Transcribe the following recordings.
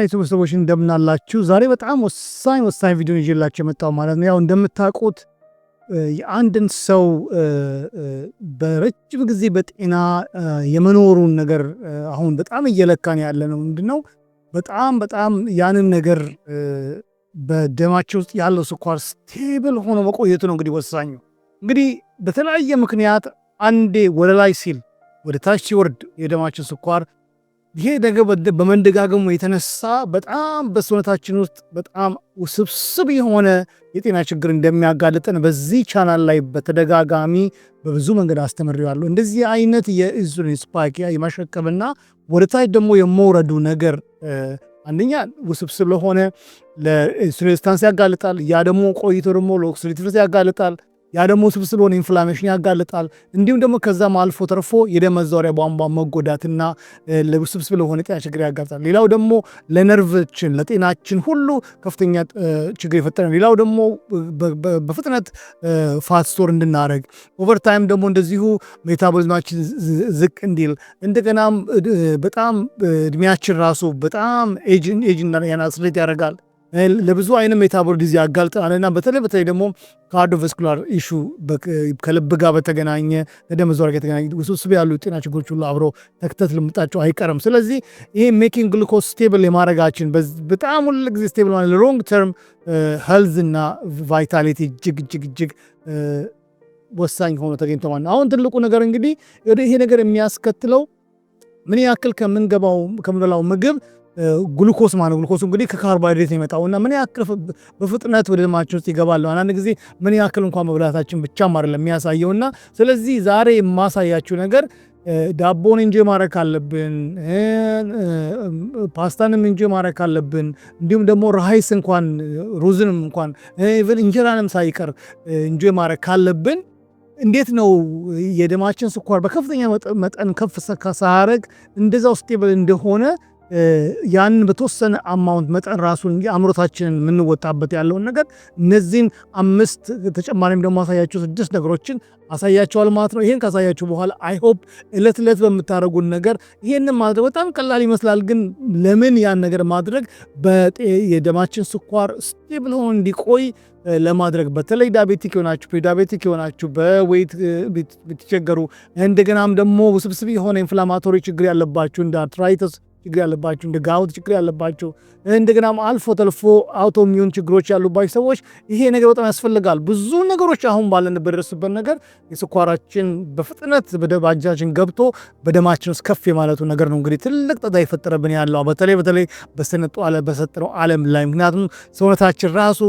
ክርስቲያን ቤተሰቦች እንደምናላችሁ ዛሬ በጣም ወሳኝ ወሳኝ ቪዲዮ ይዤላችሁ የመጣው ማለት ነው። ያው እንደምታውቁት የአንድን ሰው በረጅም ጊዜ በጤና የመኖሩን ነገር አሁን በጣም እየለካን ያለ ነው። ነው በጣም በጣም ያንን ነገር በደማቸው ውስጥ ያለው ስኳር ስቴብል ሆኖ መቆየቱ ነው እንግዲህ ወሳኙ። እንግዲህ በተለያየ ምክንያት አንዴ ወደ ላይ ሲል ወደ ታች ሲወርድ የደማችን ስኳር ይሄ ነገር በመንደጋገሙ የተነሳ በጣም በሰውነታችን ውስጥ በጣም ውስብስብ የሆነ የጤና ችግር እንደሚያጋልጠን በዚህ ቻናል ላይ በተደጋጋሚ በብዙ መንገድ አስተምሬዋለሁ። እንደዚህ አይነት የኢንሱሊን ስፓይክ የማሸከምና ወደታች ደግሞ የመውረዱ ነገር አንደኛ ውስብስብ ለሆነ ለኢንሱሊን ሬዚስታንስ ያጋልጣል። ያ ደግሞ ቆይቶ ደግሞ ለኦክሲዳቲቭ ያጋልጣል። ያ ደግሞ ስብስብ ሆነ ኢንፍላሜሽን ያጋልጣል። እንዲሁም ደግሞ ከዛም አልፎ ተርፎ የደም ቧንቧ መጎዳትና ስብስብ ለሆነ ጤና ችግር ያጋልጣል። ሌላው ደግሞ ለነርቭችን ለጤናችን ሁሉ ከፍተኛ ችግር ይፈጠራል። ሌላው ደግሞ በፍጥነት ፋስቶር ስቶር እንድናደረግ ኦቨርታይም ደግሞ እንደዚሁ ሜታቦሊዝማችን ዝቅ እንዲል እንደገናም በጣም እድሜያችን ራሱ በጣም ኤጅ ያናስሬት ያደርጋል። ለብዙ አይነት ሜታቦሊዝም ያጋልጠናልና በተለይ በተለይ ደግሞ ካርዲዮቫስኩላር ኢሹ ከልብ ጋር በተገናኘ ከደም ዙር ጋር የተገናኘ ውስብስብ ያሉ ጤና ችግሮች ሁሉ አብሮ ተክተት ልምጣቸው አይቀርም። ስለዚህ ይህ ሜኪንግ ግሉኮስ ስቴብል የማድረጋችን በጣም ሁሉ ጊዜ ስቴብል ማለት ሎንግ ተርም ሄልዝ እና ቫይታሊቲ እጅግ እጅግ እጅግ ወሳኝ ሆኖ ተገኝቶ ማለት አሁን ትልቁ ነገር እንግዲህ ወደ ይሄ ነገር የሚያስከትለው ምን ያክል ከምንገባው ከምንበላው ምግብ ግሉኮስ ማለት ግሉኮስ እንግዲህ ከካርቦሃይድሬት እና ምን ያክል በፍጥነት ወደ ደማችን ውስጥ ይገባል። አንዳንድ ጊዜ ምን ያክል እንኳን መብላታችን ብቻም ለሚያሳየው እና ስለዚህ ዛሬ የማሳያችሁ ነገር ዳቦን እንጂ ማድረግ ካለብን ፓስታንም እንጂ ማድረግ ካለብን እንዲሁም ደግሞ ራይስ እንኳን ሩዝንም እንኳን ኢቨን እንጀራንም ሳይቀር እንጂ ማድረግ ካለብን እንዴት ነው የደማችን ስኳር በከፍተኛ መጠን ከፍ ሳያደርግ እንደዛው ስቴብል እንደሆነ ያንን በተወሰነ አማውንት መጠን ራሱን አምሮታችንን የምንወጣበት ያለውን ነገር እነዚህን አምስት ተጨማሪም ደግሞ አሳያቸው ስድስት ነገሮችን አሳያቸዋል ማለት ነው። ይህን ካሳያችሁ በኋላ አይሆፕ እለት እለት በምታደረጉን ነገር ይህን ማድረግ በጣም ቀላል ይመስላል። ግን ለምን ያን ነገር ማድረግ የደማችን ስኳር ስቴብል ሆኖ እንዲቆይ ለማድረግ በተለይ ዳቤቲክ የሆናችሁ ዳቤቲክ የሆናችሁ በወይት ብትቸገሩ እንደገናም ደግሞ ውስብስብ የሆነ ኢንፍላማቶሪ ችግር ያለባችሁ እንደ አርትራይተስ ችግር ያለባቸው እንደ ጋውት ችግር ያለባቸው እንደገናም አልፎ ተልፎ አውቶ ሚዩን ችግሮች ያሉባቸው ሰዎች ይሄ ነገር በጣም ያስፈልጋል። ብዙ ነገሮች አሁን ባለንበት በደረሱበት ነገር የስኳራችን በፍጥነት በደባጃችን ገብቶ በደማችን ውስጥ ከፍ የማለቱ ነገር ነው እንግዲህ ትልቅ ጠጣ የፈጠረብን ያለው በተለይ በተለይ በሰነጡ በሰጠነው ዓለም ላይ ምክንያቱም ሰውነታችን ራሱ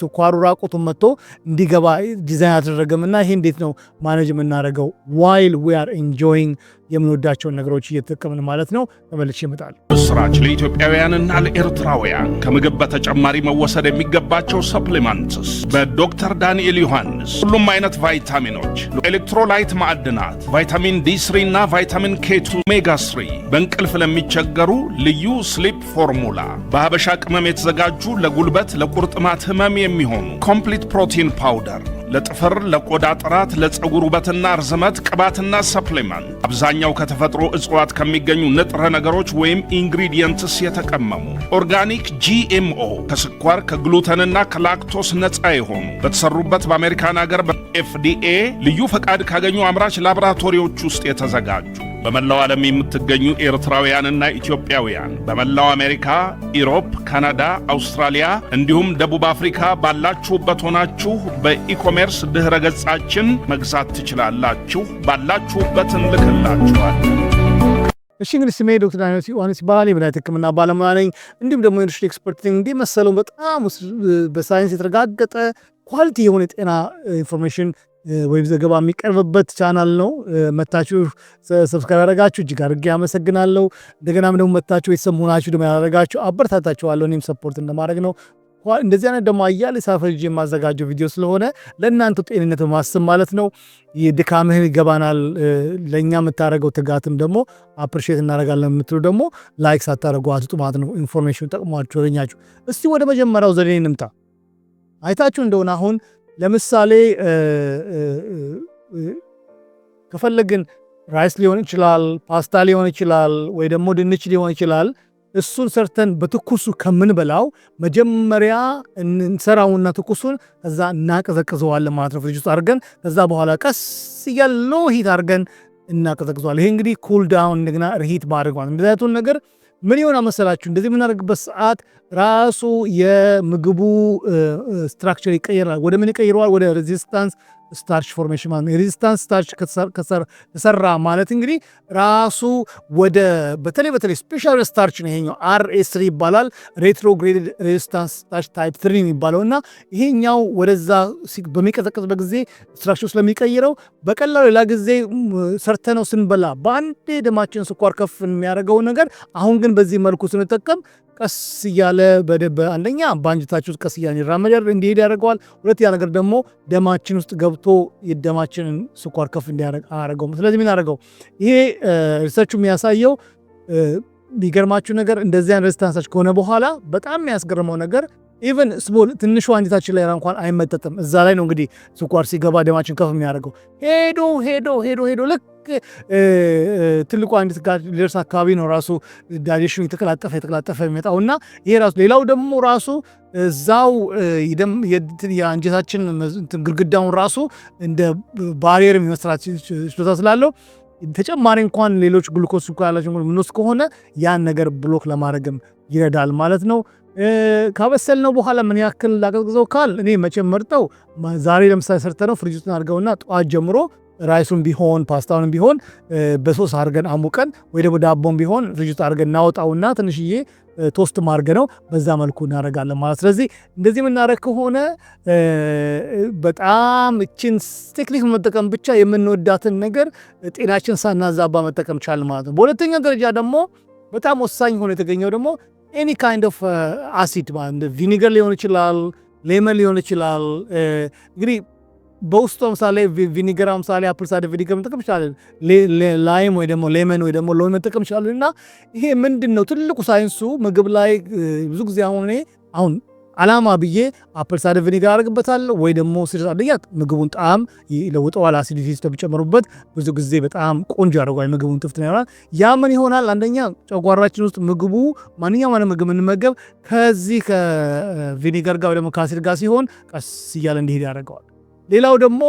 ስኳሩ ራቁቱን መጥቶ እንዲገባ ዲዛይን አደረገም እና ይሄ እንዴት ነው ማኔጅ የምናደርገው ዋይል ዊ አር ኢንጆይንግ የምንወዳቸውን ነገሮች እየተጠቀምን ማለት ነው። ተመልሼ እመጣለሁ። ምስራች ለኢትዮጵያውያንና ለኤርትራውያን ከምግብ በተጨማሪ መወሰድ የሚገባቸው ሰፕሊመንትስ በዶክተር ዳንኤል ዮሐንስ። ሁሉም አይነት ቫይታሚኖች፣ ኤሌክትሮላይት፣ ማዕድናት፣ ቫይታሚን ዲ3 እና ቫይታሚን ኬቱ ሜጋ 3 በእንቅልፍ ለሚቸገሩ ልዩ ስሊፕ ፎርሙላ፣ በሀበሻ ቅመም የተዘጋጁ ለጉልበት ለቁርጥማት ህመም የሚሆኑ ኮምፕሊት ፕሮቲን ፓውደር ለጥፍር፣ ለቆዳ ጥራት፣ ለፀጉር ውበትና ርዝመት ቅባትና ሰፕሊመንት አብዛኛው ከተፈጥሮ እጽዋት ከሚገኙ ንጥረ ነገሮች ወይም ኢንግሪዲየንትስ የተቀመሙ ኦርጋኒክ ጂኤምኦ ከስኳር ከግሉተንና ከላክቶስ ነፃ የሆኑ በተሰሩበት በአሜሪካን ሀገር በኤፍዲኤ ልዩ ፈቃድ ካገኙ አምራች ላቦራቶሪዎች ውስጥ የተዘጋጁ በመላው ዓለም የምትገኙ ኤርትራውያንና ኢትዮጵያውያን በመላው አሜሪካ፣ ኢሮፕ፣ ካናዳ፣ አውስትራሊያ እንዲሁም ደቡብ አፍሪካ ባላችሁበት ሆናችሁ በኢኮሜርስ ድኅረ ገጻችን መግዛት ትችላላችሁ። ባላችሁበት እንልክላችኋል። እሺ እንግዲህ ስሜ ዶክተር ዳንኤል ዮሐንስ ይባላል። የበላይ ሕክምና ባለሙያ ነኝ። እንዲሁም ደግሞ ኢንዱስትሪ ኤክስፐርት ነኝ። እንዲህ መሰለውን በጣም በሳይንስ የተረጋገጠ ኳሊቲ የሆነ የጤና ኢንፎርሜሽን ወይም ዘገባ የሚቀርብበት ቻናል ነው። መታችሁ ሰብስክራይብ ያደረጋችሁ እጅግ አድርጌ አመሰግናለሁ። እንደገና ደግሞ መታችሁ የተሰሙናችሁ ደግሞ ያደረጋችሁ አበረታታችኋለሁ። እኔም ሰፖርት እንደማድረግ ነው። እንደዚህ አይነት ደግሞ አያሌ ሳፈጅ የማዘጋጀው ቪዲዮ ስለሆነ ለእናንተ ጤንነት በማሰብ ማለት ነው። ድካምህን ይገባናል። ለእኛ የምታደረገው ትጋትም ደግሞ አፕሪሼት እናደረጋለን የምትሉ ደግሞ ላይክ ሳታደረጉ አትጡ ማለት ነው። ኢንፎርሜሽን ጠቅሟችሁ ያገኛችሁ። እስቲ ወደ መጀመሪያው ዘዴ እንምጣ። አይታችሁ እንደሆነ አሁን ለምሳሌ ከፈለግን ራይስ ሊሆን ይችላል፣ ፓስታ ሊሆን ይችላል፣ ወይ ደግሞ ድንች ሊሆን ይችላል። እሱን ሰርተን በትኩሱ ከምንበላው መጀመሪያ እንሰራውና ትኩሱን ከዛ እናቀዘቅዘዋለን ማለት ነው፣ ፍሪጅ ውስጥ አድርገን ከዛ በኋላ ቀስ እያለ ሂት አድርገን እናቀዘቅዘዋለን። ይሄ እንግዲህ ኩል ዳውን እንደገና ርሂት ማድረግ ማለት ነው። ነገር ምን ይሆን መሰላችሁ? እንደዚህ የምናደርግበት ሰዓት ራሱ የምግቡ ስትራክቸር ይቀየራል። ወደ ምን ይቀይረዋል? ወደ ሬዚስታንስ ስታርች ፎርሜሽን ማለት ሬዚስታንስ ስታርች ተሰራ ማለት እንግዲህ ራሱ ወደ በተለይ በተለይ ስፔሻል ስታርች ነው ይሄኛው አርኤስ ይባላል። ሬትሮግሬድ ሬዚስታንስ ስታርች ታይፕ ትሪ የሚባለው እና ይሄኛው ወደዛ በሚቀዘቅዝበት ጊዜ ስትራክቸር ስለሚቀይረው በቀላሉ ሌላ ጊዜ ሰርተነው ስንበላ በአንዴ ደማችን ስኳር ከፍ የሚያደርገው ነገር አሁን ግን በዚህ መልኩ ስንጠቀም ቀስ እያለ አንደኛ በአንጀታችን ውስጥ ቀስ እያለ ይራመዳል፣ እንዲሄድ ያደርገዋል። ሁለት ያ ነገር ደግሞ ደማችን ውስጥ ገብቶ የደማችንን ስኳር ከፍ እንዲያደርግ ስለዚህ ምን አደረገው? ይሄ ሪሰርቹ የሚያሳየው የሚገርማችሁ ነገር እንደዚህ ሬዚስታንሳች ከሆነ በኋላ በጣም የሚያስገርመው ነገር ኢቨን ስቦል ትንሿ አንጀታችን ላይ እንኳን አይመጠጥም። እዛ ላይ ነው እንግዲህ ስኳር ሲገባ ደማችን ከፍ የሚያደርገው። ሄዶ ሄዶ ሄዶ ሄዶ ልክ ትልቁ አንጀት ጋር ሊደርስ አካባቢ ነው ራሱ ዳይሬሽኑ የተቀላጠፈ የተቀላጠፈ የሚመጣው እና ይሄ ራሱ ሌላው ደግሞ ራሱ እዛው የአንጀታችን ግድግዳውን ራሱ እንደ ባሪየር የሚመስላት ችሎታ ስላለው ተጨማሪ እንኳን ሌሎች ግሉኮስ ያላቸው ምንስ ከሆነ ያን ነገር ብሎክ ለማድረግም ይረዳል ማለት ነው። ካበሰልነው በኋላ ምን ያክል ላቀዝቅዘው ካል እኔ መቼም መርጠው ዛሬ ለምሳሌ ሰርተነው ፍሪጅ አድርገውና ጠዋት ጀምሮ ራይሱን ቢሆን ፓስታውን ቢሆን በሶስ አድርገን አሙቀን ወይ ደግሞ ዳቦን ቢሆን ፍሪጅቱ አድርገን እናወጣውና ትንሽዬ ቶስት ማድረግ ነው። በዛ መልኩ እናደርጋለን ማለት። ስለዚህ እንደዚህ የምናደርግ ከሆነ በጣም እችን ቴክኒክ መጠቀም ብቻ የምንወዳትን ነገር ጤናችን ሳናዛባ መጠቀም ቻል ማለት ነው። በሁለተኛ ደረጃ ደግሞ በጣም ወሳኝ ሆኖ የተገኘው ደግሞ ኤኒ ካይንድ ኦፍ አሲድ ማለት ቪኒገር ሊሆን ይችላል፣ ሌመን ሊሆን ይችላል። እንግዲህ በውስጡ ምሳሌ ቪኒገር ምሳሌ አፕል ሳይደር ቪኒገር መጠቀም ይችላለን። ላይም ወይ ደግሞ ሌመን ወይ ደግሞ ሎሚ መጠቀም ይችላለን። እና ይሄ ምንድን ነው ትልቁ ሳይንሱ ምግብ ላይ ብዙ ጊዜ አሁን አሁን አላማ ብዬ አፕል ሳይደር ቪኒገር አደርግበታለሁ ወይ ደግሞ ሲደስ አድርጊያት ምግቡን ጣዕም ይለውጠዋል። አሲዲቲ ስለሚጨምሩበት ብዙ ጊዜ በጣም ቆንጆ ያደርጓል። ምግቡን ትፍት ነው። ያ ምን ይሆናል? አንደኛ ጨጓራችን ውስጥ ምግቡ ማንኛውም አይነት ምግብ የምንመገብ ከዚህ ከቪኒገር ጋር ወይ ደግሞ ከአሲድ ጋር ሲሆን ቀስ እያለ እንዲሄድ ያደርገዋል። ሌላው ደግሞ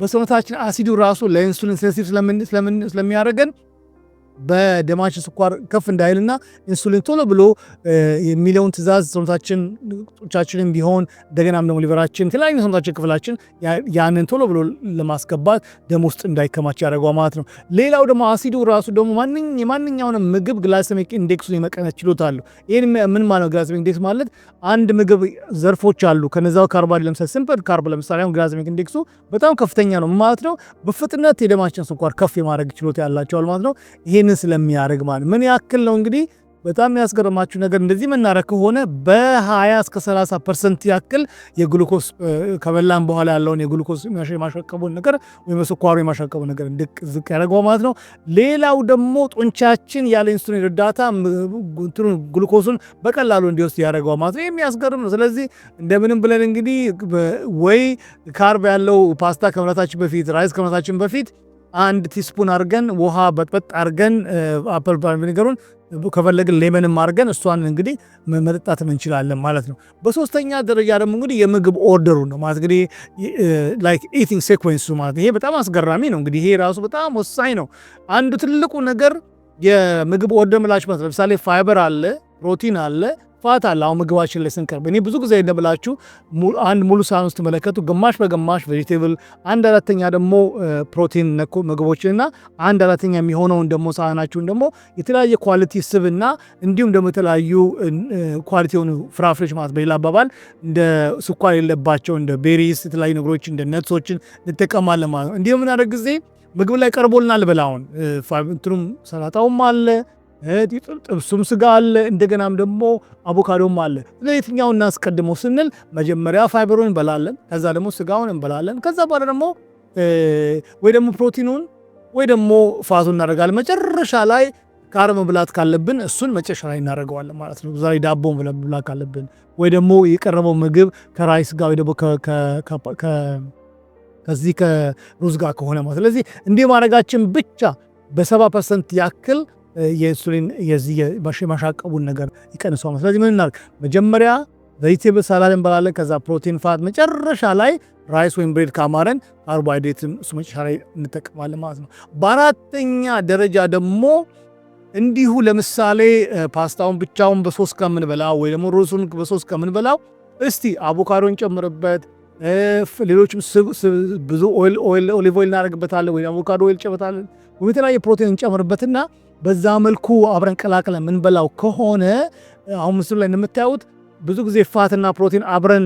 በሰውነታችን አሲዱ ራሱ ለኢንሱሊን ሴንሲቭ ስለሚያደርገን በደማችን ስኳር ከፍ እንዳይልና ኢንሱሊን ቶሎ ብሎ የሚለውን ትእዛዝ ሰውነታችን ጡንቻችንም ቢሆን እንደገናም ደግሞ ሊቨራችን የተለያዩ ሰውነታችን ክፍላችን ያንን ቶሎ ብሎ ለማስገባት ደም ውስጥ እንዳይከማች ያደረገው ማለት ነው። ሌላው ደግሞ አሲዱ ራሱ ደግሞ የማንኛውን ምግብ ግላይሰሚክ ኢንዴክሱን የመቀነስ ችሎታ አለው። ይህ ምን ማለት ግላይሰሚክ ኢንዴክስ ማለት አንድ ምግብ ዘርፎች አሉ። ከነዛው ካርባ ለምሳሌ ሲምፕል ካርብ ለምሳሌ አሁን ግላይሰሚክ ኢንዴክሱ በጣም ከፍተኛ ነው ማለት ነው። በፍጥነት የደማችን ስኳር ከፍ የማድረግ ችሎታ ያላቸዋል ማለት ነው። ይህን ስለሚያደርግ ማለት ምን ያክል ነው እንግዲህ በጣም የሚያስገርማችሁ ነገር እንደዚህ መናረግ ከሆነ በ20 እስከ 30 ፐርሰንት ያክል የግሉኮስ ከበላን በኋላ ያለውን የግሉኮስ የማሸቀቡን ነገር ወይም ስኳሩ የማሸቀቡ ነገር ድቅ ዝቅ ያደርገው ማለት ነው። ሌላው ደግሞ ጡንቻችን ያለ ኢንሱሊን እርዳታ ግሉኮሱን በቀላሉ እንዲወስድ ያደርገው ማለት ነው። የሚያስገርም ነው። ስለዚህ እንደምንም ብለን እንግዲህ ወይ ካርብ ያለው ፓስታ ከመብላታችን በፊት ራይስ ከመብላታችን በፊት አንድ ቲስፑን አድርገን ውሃ በጥበጥ አድርገን አፕል ቪኒገሩን ከፈለግን ሌመንም አድርገን እሷን እንግዲህ መጠጣት እንችላለን ማለት ነው። በሶስተኛ ደረጃ ደግሞ እንግዲህ የምግብ ኦርደሩ ነው ማለት እንግዲህ ላይክ ኢቲንግ ሴኩዌንሱ ማለት ይሄ በጣም አስገራሚ ነው። እንግዲህ ይሄ ራሱ በጣም ወሳኝ ነው። አንዱ ትልቁ ነገር የምግብ ኦርደር ምላሽ ማለት ለምሳሌ ፋይበር አለ፣ ፕሮቲን አለ መጥፋት አለ። አሁን ምግባችን ላይ ስንቀርብ እኔ ብዙ ጊዜ እንደብላችሁ አንድ ሙሉ ሳህን ውስጥ መለከቱ ግማሽ በግማሽ ቬጂቴብል፣ አንድ አራተኛ ደግሞ ፕሮቲን ነኩ ምግቦችን እና አንድ አራተኛ የሚሆነውን ደግሞ ሳህናችሁን ደግሞ የተለያየ ኳሊቲ ስብ እና እንዲሁም ደግሞ የተለያዩ ኳሊቲ የሆኑ ፍራፍሬዎች ማለት በሌላ አባባል እንደ ስኳር የለባቸው እንደ ቤሪስ የተለያዩ ነገሮች እንደ ነትሶችን እንጠቀማለን ማለት ነው። እንዲህ የምናደርግ ጊዜ ምግብ ላይ ቀርቦልናል። በላውን እንትኑም ሰላጣውም አለ ጥብሱም ስጋ አለ፣ እንደገናም ደግሞ አቮካዶም አለ። ለየትኛው እናስቀድመው ስንል መጀመሪያ ፋይበሩን እንበላለን፣ ከዛ ደግሞ ስጋውን እንበላለን። ከዛ በኋላ ደግሞ ወይ ደግሞ ፕሮቲኑን ወይ ደግሞ ፋቱ እናደርጋለን። መጨረሻ ላይ ካርብ መብላት ካለብን እሱን መጨረሻ ላይ እናደርገዋለን ማለት ነው። ዛሬ ዳቦ መብላት ካለብን ወይ ደግሞ የቀረበው ምግብ ከራይስ ጋር ወይ ደግሞ ከዚህ ከሩዝ ጋር ከሆነ ማለት ስለዚህ እንዲህ ማድረጋችን ብቻ በሰባ ፐርሰንት ያክል የኢንሱሊን የዚህ የማሻቀቡን ነገር ይቀንሰዋል። ስለዚህ ምን እናርግ? መጀመሪያ ቬጂቴብል ሳላድ እንበላለን። ከዛ ፕሮቲን፣ ፋት፣ መጨረሻ ላይ ራይስ ወይም ብሬድ ካማረን ካርቦሃይድሬት እሱ መጨረሻ ላይ እንጠቀማለን ማለት ነው። በአራተኛ ደረጃ ደግሞ እንዲሁ ለምሳሌ ፓስታውን ብቻውን በሶስት ከምንበላው ወይ ደግሞ ሩዙን በሶስት ከምንበላው እስቲ አቮካዶን ጨምርበት፣ ሌሎችም ብዙ ኦሊቭ ኦይል እናደርግበታለን ወይ አቮካዶ ኦይል ጨበታለን ወይም የተለያየ ፕሮቲን እንጨምርበትና በዛ መልኩ አብረን ቀላቅለን የምንበላው ከሆነ አሁን ምስሉ ላይ እንደምታዩት ብዙ ጊዜ ፋትና ፕሮቲን አብረን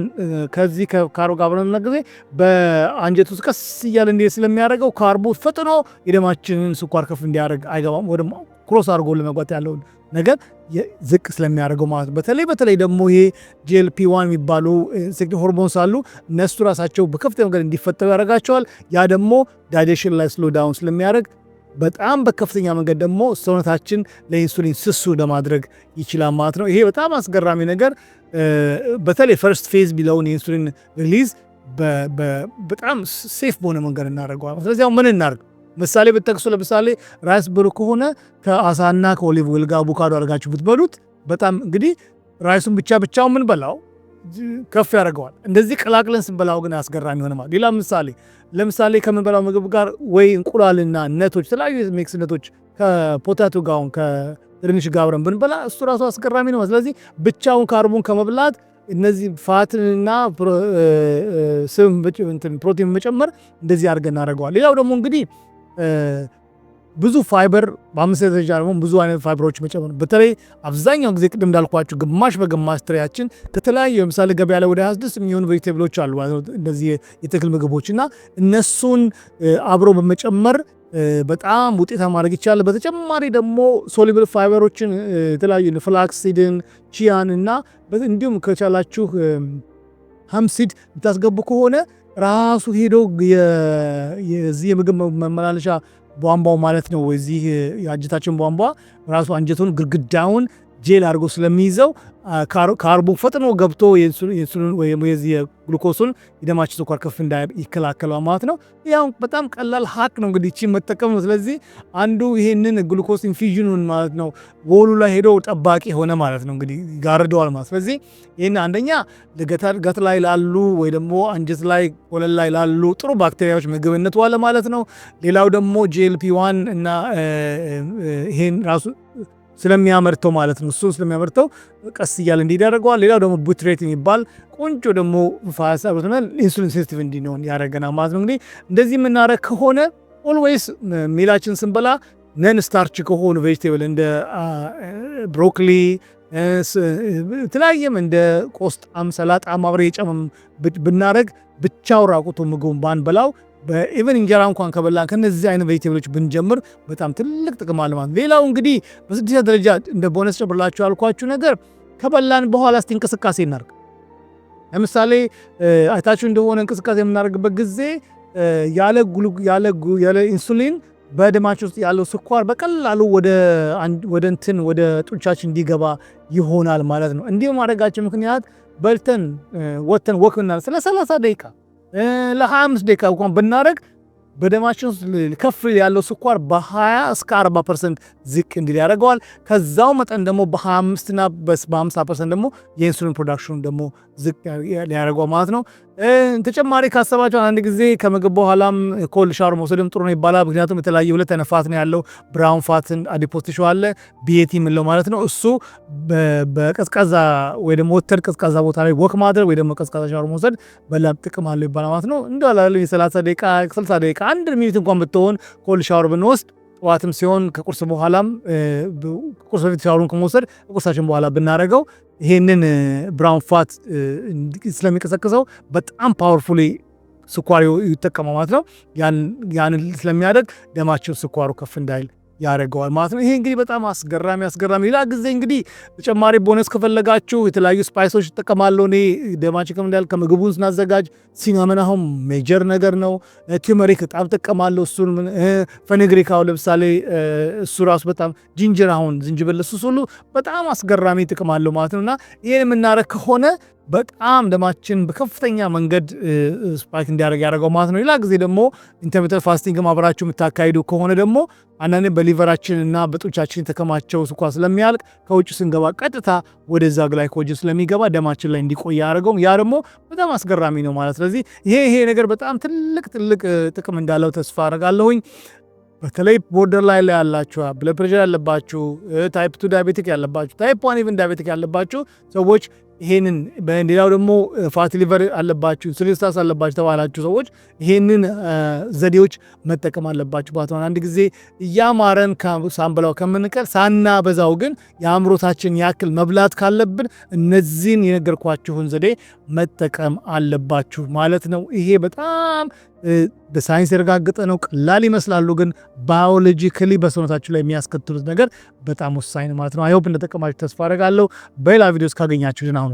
ከዚህ ከካርቦ ጋር አብረን ጊዜ በአንጀት ውስጥ ቀስ እያለ እንዲ ስለሚያደርገው ካርቦ ፈጥኖ የደማችንን ስኳር ከፍ እንዲያደርግ አይገባም፣ ወደ ክሮስ አድርጎ ለመጓት ያለውን ነገር ዝቅ ስለሚያደርገው ማለት ነው። በተለይ በተለይ ደግሞ ይሄ ጂኤልፒ ዋን የሚባሉ ኢንሴክት ሆርሞንስ አሉ። እነሱ ራሳቸው በከፍተኛ መንገድ እንዲፈጠሩ ያደርጋቸዋል። ያ ደግሞ ዳይጀሽን ላይ ስሎ ዳውን ስለሚያደርግ በጣም በከፍተኛ መንገድ ደግሞ ሰውነታችን ለኢንሱሊን ስሱ ለማድረግ ይችላል ማለት ነው። ይሄ በጣም አስገራሚ ነገር በተለይ ፈርስት ፌዝ ቢለውን የኢንሱሊን ሪሊዝ በጣም ሴፍ በሆነ መንገድ እናደርገዋል። ስለዚህ ምን እናርግ? ምሳሌ ብትጠቅሱ ለምሳሌ ራይስ ብሩ ከሆነ ከአሳና ከኦሊቭ ኦይል ጋር አቮካዶ አድርጋችሁ ብትበሉት በጣም እንግዲህ ራይሱን ብቻ ብቻው ምን በላው ከፍ ያደርገዋል። እንደዚህ ቀላቅለን ስንበላው ግን አስገራሚ ሆነ። ሌላ ምሳሌ ለምሳሌ ከምንበላው ምግብ ጋር ወይ እንቁላልና ነቶች፣ የተለያዩ ሚክስ ነቶች ከፖታቶ ጋውን ከድንች ጋር አብረን ብንበላ እሱ ራሱ አስገራሚ ነው። ስለዚህ ብቻውን ካርቡን ከመብላት እነዚህ ፋትንና ስብ ፕሮቲን መጨመር እንደዚህ አድርገን እናደርገዋል። ሌላው ደግሞ እንግዲህ ብዙ ፋይበር በአምስት ደረጃ ደግሞ ብዙ አይነት ፋይበሮች መጨመር በተለይ አብዛኛው ጊዜ ቅድም እንዳልኳቸው ግማሽ በግማሽ ትሪያችን ከተለያዩ ለምሳሌ ገበያ ላይ ወደ 26 የሚሆኑ ቬጅቴብሎች አሉ እነዚህ የተክል ምግቦች እና እነሱን አብሮ በመጨመር በጣም ውጤታ ማድረግ ይቻላል። በተጨማሪ ደግሞ ሶሊብል ፋይበሮችን የተለያዩ ፍላክሲድን፣ ቺያን እና እንዲሁም ከቻላችሁ ሀምሲድ ብታስገቡ ከሆነ ራሱ ሄዶ የዚህ የምግብ መመላለሻ ቧንቧው ማለት ነው። እዚህ የአንጀታችን ቧንቧ ራሱ አንጀቱን ግድግዳውን ጄል አድርጎ ስለሚይዘው ካርቦ ፈጥኖ ገብቶ የግሉኮሱን የደማችን ስኳር ከፍ እንዳ ይከላከለዋል ማለት ነው። ያው በጣም ቀላል ሀክ ነው እንግዲህ ቺ መጠቀም ነው። ስለዚህ አንዱ ይሄንን ግሉኮስ ኢንፊዥኑን ማለት ነው ወሉ ላይ ሄዶ ጠባቂ ሆነ ማለት ነው እንግዲህ ጋርደዋል ማለት ስለዚህ ይህን አንደኛ ገት ላይ ላሉ ወይ ደግሞ አንጀት ላይ ወለል ላይ ላሉ ጥሩ ባክቴሪያዎች ምግብነት ዋለ ማለት ነው። ሌላው ደግሞ ጂኤልፒ ዋን እና ይሄን ራሱ ስለሚያመርተው ማለት ነው። እሱን ስለሚያመርተው ቀስ እያለ እንዲሄድ ያደርገዋል። ሌላው ደግሞ ቡትሬት የሚባል ቆንጆ ደግሞ ፋሳ ኢንሱሊን ሴንስቲቭ እንዲሆን ያደረገና ማለት ነው። እንግዲህ እንደዚህ የምናደርግ ከሆነ ኦልዌይስ ሜላችን ስንበላ ነን ስታርች ከሆኑ ቬጅቴብል እንደ ብሮክሊ የተለያየም እንደ ቆስጣም ሰላጣም አብሬ የጨምም ብናደረግ ብቻው ራቁቱ ምግቡን ባንበላው በኢቨን እንጀራ እንኳን ከበላ ከነዚህ አይነት ቬጅቴብሎች ብንጀምር በጣም ትልቅ ጥቅም አለ ማለት። ሌላው እንግዲህ በስድስተኛ ደረጃ እንደ ቦነስ ጨምርላችሁ ያልኳችሁ ነገር ከበላን በኋላ እስቲ እንቅስቃሴ እናርግ። ለምሳሌ አይታችሁ እንደሆነ እንቅስቃሴ የምናደርግበት ጊዜ ያለ ኢንሱሊን በደማችን ውስጥ ያለው ስኳር በቀላሉ ወደ እንትን ወደ ጡንቻችን እንዲገባ ይሆናል ማለት ነው። እንዲህ ማድረጋችን ምክንያት በልተን ወተን ወክ ስለ 30 ደቂቃ ለሀያ አምስት ደቂቃ እንኳን ብናደረግ በደማችን ውስጥ ከፍ ያለው ስኳር በ20 እስከ 40 ፐርሰንት ዝቅ እንዲል ያደርገዋል። ከዛው መጠን ደግሞ በ25 እና በ50 ፐርሰንት ደግሞ የኢንሱሊን ፕሮዳክሽኑ ደግሞ ዝቅ ሊያደርገው ማለት ነው። ተጨማሪ ካሰባቸው አንድ ጊዜ ከምግብ በኋላም ኮል ሻወር መውሰድም ጥሩ ነው ይባላል። ምክንያቱም የተለያየ ሁለት አይነት ፋት ነው ያለው። ብራውን ፋትን አዲፖስ ቲሹ አለ፣ ቢኤቲ የምንለው ማለት ነው። እሱ በቀዝቃዛ ወይ ደግሞ ወተድ ቀዝቃዛ ቦታ ላይ ወክ ማድረግ ወይ ደግሞ ቀዝቃዛ ሻወር መውሰድ በላም ጥቅም አለው ይባላል ማለት ነው። እንዳላለ የ30 ደቂቃ 60 ደቂቃ አንድ ሚኒት እንኳን ብትሆን ኮልድ ሻወር ብንወስድ ጠዋትም ሲሆን ከቁርስ በኋላም ቁርስ በፊት ሻወሩን ከመውሰድ ከቁርሳችን በኋላ ብናደረገው ይህንን ብራውን ፋት ስለሚቀሰቅሰው በጣም ፓወርፉሊ ስኳር ይጠቀመው ማለት ነው። ያን ስለሚያደርግ ደማቸው ስኳሩ ከፍ እንዳይል ያደርገዋል ማለት ነው። ይሄ እንግዲህ በጣም አስገራሚ አስገራሚ። ሌላ ጊዜ እንግዲህ ተጨማሪ ቦነስ ከፈለጋችሁ የተለያዩ ስፓይሶች እጠቀማለሁ እኔ ደማችን ከም እንዳል ከምግቡን ስናዘጋጅ ሲናመን አሁን ሜጀር ነገር ነው። ቲመሪክ በጣም እጠቀማለሁ እሱን። ፈነግሪክ አሁን ለምሳሌ እሱ ራሱ በጣም ጂንጀር፣ አሁን ዝንጅብል፣ እሱ ሁሉ በጣም አስገራሚ ጥቅም አለው ማለት ነው እና ይህን የምናደርግ ከሆነ በጣም ደማችን በከፍተኛ መንገድ ስፓይክ እንዲያደርግ ያደረገው ማለት ነው። ሌላ ጊዜ ደግሞ ኢንተርሚተንት ፋስቲንግ አብራችሁ የምታካሂዱ ከሆነ ደግሞ አንዳንዴ በሊቨራችን እና በጡንቻችን የተከማቸው ስኳር ስለሚያልቅ ከውጭ ስንገባ ቀጥታ ወደዛ ግላይኮጅን ስለሚገባ ደማችን ላይ እንዲቆይ ያደርገው ያ ደግሞ በጣም አስገራሚ ነው ማለት። ስለዚህ ይሄ ይሄ ነገር በጣም ትልቅ ትልቅ ጥቅም እንዳለው ተስፋ አደርጋለሁኝ። በተለይ ቦርደር ላይ ላይ ያላችሁ ብለፕሬሽር ያለባችሁ፣ ታይፕ ቱ ዳያቤቲክ ያለባችሁ፣ ታይፕ ዋን ኢቭን ዳያቤቲክ ያለባችሁ ሰዎች ይሄንን በሌላው ደግሞ ፋት ሊቨር አለባችሁ ስሪስታስ አለባችሁ ተባላችሁ ሰዎች ይሄንን ዘዴዎች መጠቀም አለባችሁ። ባትሆን አንድ ጊዜ እያማረን ሳንበላው ከምንቀር ሳናበዛው ግን የአእምሮታችን ያክል መብላት ካለብን እነዚህን የነገርኳችሁን ዘዴ መጠቀም አለባችሁ ማለት ነው። ይሄ በጣም በሳይንስ የተረጋገጠ ነው። ቀላል ይመስላሉ፣ ግን ባዮሎጂካሊ በሰውነታችሁ ላይ የሚያስከትሉት ነገር በጣም ወሳኝ ማለት ነው። አይሆፕ እንደጠቀማችሁ ተስፋ አደርጋለሁ። በሌላ ቪዲዮ እስካገኛችሁ ደህና